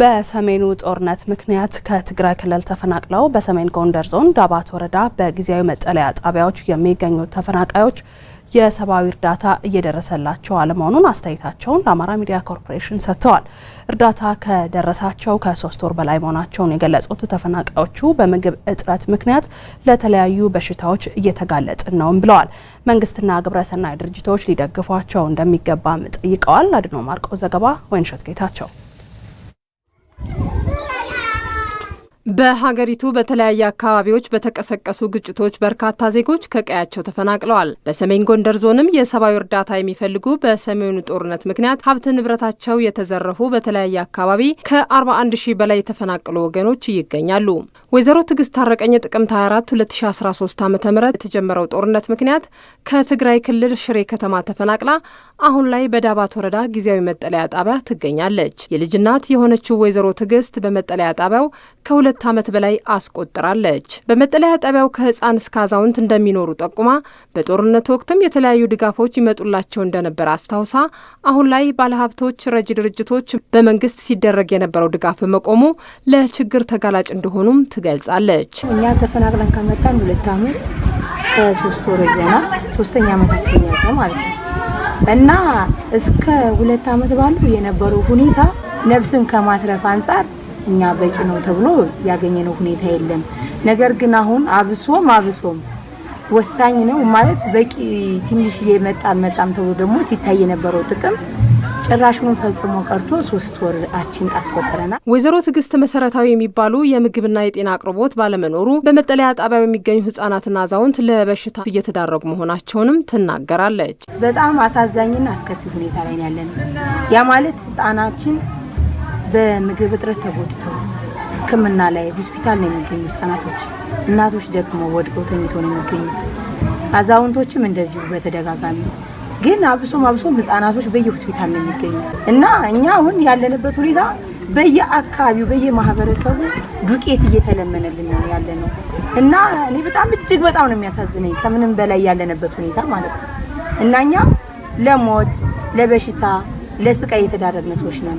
በሰሜኑ ጦርነት ምክንያት ከትግራይ ክልል ተፈናቅለው በሰሜን ጎንደር ዞን ዳባት ወረዳ በጊዜያዊ መጠለያ ጣቢያዎች የሚገኙ ተፈናቃዮች የሰብአዊ እርዳታ እየደረሰላቸው አለመሆኑን አስተያየታቸውን ለአማራ ሚዲያ ኮርፖሬሽን ሰጥተዋል። እርዳታ ከደረሳቸው ከሶስት ወር በላይ መሆናቸውን የገለጹት ተፈናቃዮቹ በምግብ እጥረት ምክንያት ለተለያዩ በሽታዎች እየተጋለጥን ነውም ብለዋል። መንግስትና ግብረሰናይ ድርጅቶች ሊደግፏቸው እንደሚገባም ጠይቀዋል። አድኖ ማርቆ ዘገባ ወይንሸት ጌታቸው በሀገሪቱ በተለያየ አካባቢዎች በተቀሰቀሱ ግጭቶች በርካታ ዜጎች ከቀያቸው ተፈናቅለዋል። በሰሜን ጎንደር ዞንም የሰብአዊ እርዳታ የሚፈልጉ በሰሜኑ ጦርነት ምክንያት ሀብት ንብረታቸው የተዘረፉ በተለያየ አካባቢ ከ41 ሺህ በላይ የተፈናቀሉ ወገኖች ይገኛሉ። ወይዘሮ ትዕግስት ታረቀኝ ጥቅምት 24 2013 ዓ ም የተጀመረው ጦርነት ምክንያት ከትግራይ ክልል ሽሬ ከተማ ተፈናቅላ አሁን ላይ በዳባት ወረዳ ጊዜያዊ መጠለያ ጣቢያ ትገኛለች። የልጅናት የሆነችው ወይዘሮ ትዕግስት በመጠለያ ጣቢያው ከሁለት ከሁለት ዓመት በላይ አስቆጥራለች። በመጠለያ ጣቢያው ከህፃን እስከ አዛውንት እንደሚኖሩ ጠቁማ በጦርነት ወቅትም የተለያዩ ድጋፎች ይመጡላቸው እንደነበር አስታውሳ አሁን ላይ ባለሀብቶች፣ ረጅ ድርጅቶች በመንግስት ሲደረግ የነበረው ድጋፍ በመቆሙ ለችግር ተጋላጭ እንደሆኑም ትገልጻለች። እኛ ተፈናቅለን ከመጣን ሁለት ዓመት ከሶስት ወር ዜና ሶስተኛ ዓመታችን ያዘ ማለት ነው እና እስከ ሁለት ዓመት ባሉ የነበረው ሁኔታ ነፍስን ከማትረፍ አንጻር እኛ በቂ ነው ተብሎ ያገኘነው ሁኔታ የለም። ነገር ግን አሁን አብሶም አብሶም ወሳኝ ነው ማለት በቂ ትንሽዬ መጣም መጣም ተብሎ ደግሞ ሲታይ የነበረው ጥቅም ጭራሹን ፈጽሞ ቀርቶ ሶስት ወራችን አስቆጥረናል። ወይዘሮ ትዕግስት መሰረታዊ የሚባሉ የምግብና የጤና አቅርቦት ባለመኖሩ በመጠለያ ጣቢያ የሚገኙ ህጻናትና አዛውንት ለበሽታ እየተዳረጉ መሆናቸውንም ትናገራለች። በጣም አሳዛኝና አስከፊ ሁኔታ ላይ ያለን ያ ማለት ህጻናችን በምግብ እጥረት ተጎድተው ሕክምና ላይ ሆስፒታል ነው የሚገኙ ህጻናቶች፣ እናቶች ደግሞ ወድቀው ተኝተው ነው የሚገኙት። አዛውንቶችም እንደዚሁ በተደጋጋሚ ግን አብሶም አብሶም ህጻናቶች በየሆስፒታል ነው የሚገኙ እና እኛ አሁን ያለንበት ሁኔታ በየአካባቢው በየማህበረሰቡ ዱቄት እየተለመነልን ነው ያለ ነው እና እኔ በጣም እጅግ በጣም ነው የሚያሳዝነኝ ከምንም በላይ ያለንበት ሁኔታ ማለት ነው እና እኛ ለሞት ለበሽታ ለስቃይ የተዳረግነ ሰዎች ነን።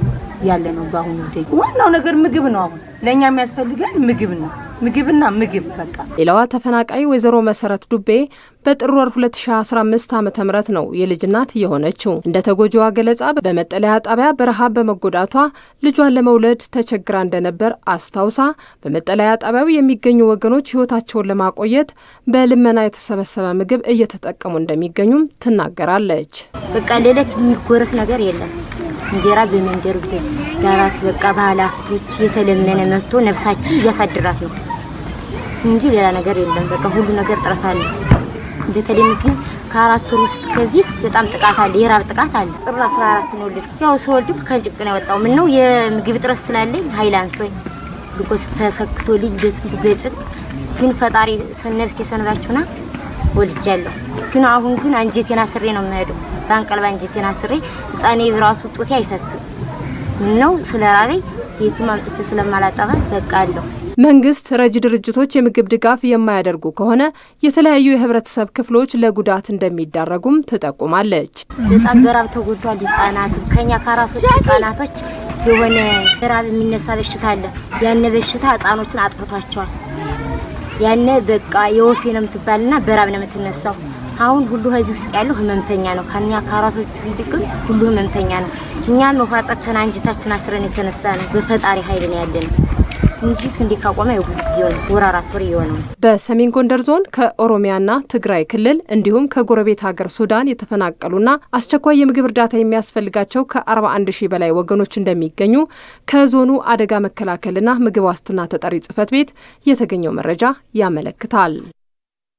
ያለ ነው። በአሁኑ ዋናው ነገር ምግብ ነው። አሁን ለእኛ የሚያስፈልገን ምግብ ነው። ምግብና ምግብ በቃ። ሌላዋ ተፈናቃይ ወይዘሮ መሰረት ዱቤ በጥር ወር 2015 ዓ ም ነው የልጅ እናት የሆነችው። እንደ ተጎጂዋ ገለጻ በመጠለያ ጣቢያ በረሃብ በመጎዳቷ ልጇን ለመውለድ ተቸግራ እንደነበር አስታውሳ በመጠለያ ጣቢያው የሚገኙ ወገኖች ሕይወታቸውን ለማቆየት በልመና የተሰበሰበ ምግብ እየተጠቀሙ እንደሚገኙም ትናገራለች። በቃ ሌሎች የሚጎረስ ነገር የለም እንጀራ በመንገር ዳራት በቃ ባህል የተለመነ መጥቶ ነፍሳችን እያሳድራት ነው እንጂ ሌላ ነገር የለም። በቃ ሁሉ ነገር ጥረት አለ። በተለይም ግን ከአራት ወር ውስጥ ከዚህ በጣም ጥቃት አለ፣ የራብ ጥቃት አለ። ጥር 14 ነው ወለድኩ። ያው ስወልድ ከጭቅ ነው ያወጣው። ምን ነው የምግብ ጥረት ስላለኝ ሃይላንስ ወይ ልቆስ ተሰክቶ ልጅ በስንት በጭት ግን ፈጣሪ ነፍስ የሰንራችሁና ወልጃለሁ። ግን አሁን ግን አንጀቴን አስሬ ነው የምሄደው። በአንቀልባ አንጀቴን አስሬ ህፃኔ ብራሱ ጡቴ አይፈስም። ምነው ስለ ራበኝ የትም አምጥቼ ስለማላጠባት በቃ አለሁ። መንግስት ረጅ ድርጅቶች የምግብ ድጋፍ የማያደርጉ ከሆነ የተለያዩ የህብረተሰብ ክፍሎች ለጉዳት እንደሚዳረጉም ትጠቁማለች። በጣም በራብ ተጎድቷል። ህጻናት ከኛ ከራሶች ህጻናቶች የሆነ ራብ የሚነሳ በሽታ አለ። ያነ በሽታ ህጻኖችን አጥፍቷቸዋል። ያነ በቃ የወፌ ነው የምትባልና በራብ ነው የምትነሳው። አሁን ሁሉ ህዝብ ውስጥ ያለው ህመምተኛ ነው። ከኛ ከአራሶቹ ይልቅ ሁሉ ህመምተኛ ነው። እኛም መፍራጠተን አንጀታችን አስረን የተነሳ ነው። በፈጣሪ ኃይል ነው ያለን እንጂ ስንዴ ካቆመ የብዙ ጊዜ ሆነ ወር አራት ወር የሆነ በሰሜን ጎንደር ዞን ከኦሮሚያና ትግራይ ክልል እንዲሁም ከጎረቤት ሀገር ሱዳን የተፈናቀሉና አስቸኳይ የምግብ እርዳታ የሚያስፈልጋቸው ከ41 ሺህ በላይ ወገኖች እንደሚገኙ ከዞኑ አደጋ መከላከልና ምግብ ዋስትና ተጠሪ ጽህፈት ቤት የተገኘው መረጃ ያመለክታል።